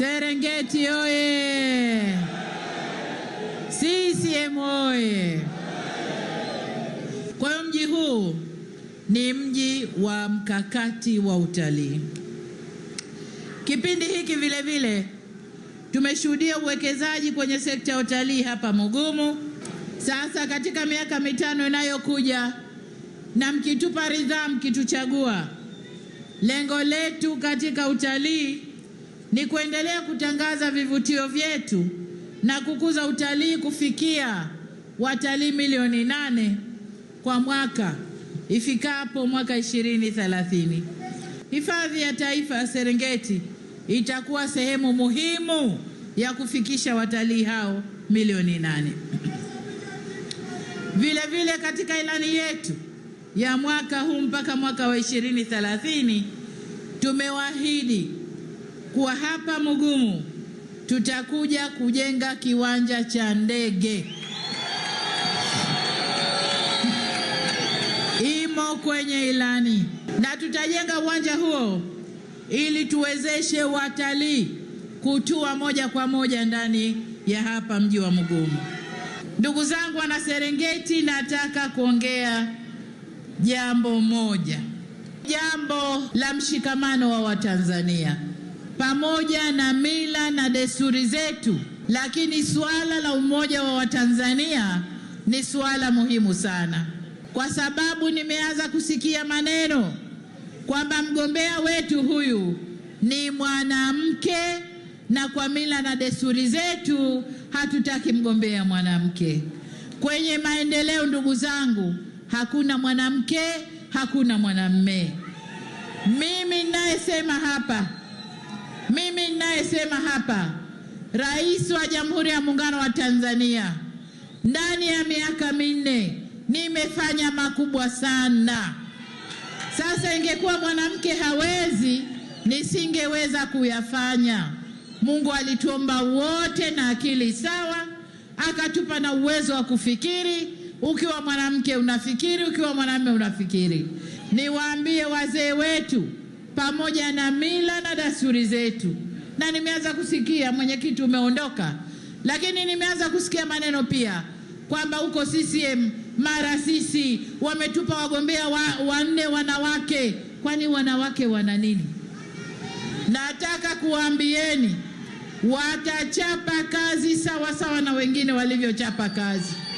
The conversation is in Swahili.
Serengeti oye! CCM oye! Kwa hiyo mji huu ni mji wa mkakati wa utalii. Kipindi hiki vile vile tumeshuhudia uwekezaji kwenye sekta ya utalii hapa Mugumu. Sasa katika miaka mitano inayokuja, na mkitupa ridhaa, mkituchagua, lengo letu katika utalii ni kuendelea kutangaza vivutio vyetu na kukuza utalii kufikia watalii milioni nane kwa mwaka ifikapo mwaka 2030. Hifadhi ya Taifa ya Serengeti itakuwa sehemu muhimu ya kufikisha watalii hao milioni nane. Vile vile katika ilani yetu ya mwaka huu mpaka mwaka wa 2030 tumewaahidi kuwa hapa Mugumu tutakuja kujenga kiwanja cha ndege imo kwenye ilani, na tutajenga uwanja huo ili tuwezeshe watalii kutua moja kwa moja ndani ya hapa mji wa Mugumu. Ndugu zangu wana Serengeti, nataka kuongea jambo moja, jambo la mshikamano wa Watanzania pamoja na mila na desturi zetu, lakini suala la umoja wa Watanzania ni suala muhimu sana, kwa sababu nimeanza kusikia maneno kwamba mgombea wetu huyu ni mwanamke na kwa mila na desturi zetu hatutaki mgombea mwanamke kwenye maendeleo. Ndugu zangu, hakuna mwanamke, hakuna mwanamme. Mimi ninayesema ninayesema hapa, Rais wa Jamhuri ya Muungano wa Tanzania, ndani ya miaka minne nimefanya makubwa sana. Sasa ingekuwa mwanamke hawezi, nisingeweza kuyafanya. Mungu alituomba wote na akili sawa, akatupa na uwezo wa kufikiri. Ukiwa mwanamke unafikiri, ukiwa mwanamume unafikiri. Niwaambie wazee wetu, pamoja na mila na desturi zetu na nimeanza kusikia mwenyekiti umeondoka, lakini nimeanza kusikia maneno pia kwamba huko CCM mara sisi wametupa wagombea wanne wanawake. Kwani wanawake wana nini? Nataka kuambieni watachapa kazi sawa sawa na wengine walivyochapa kazi.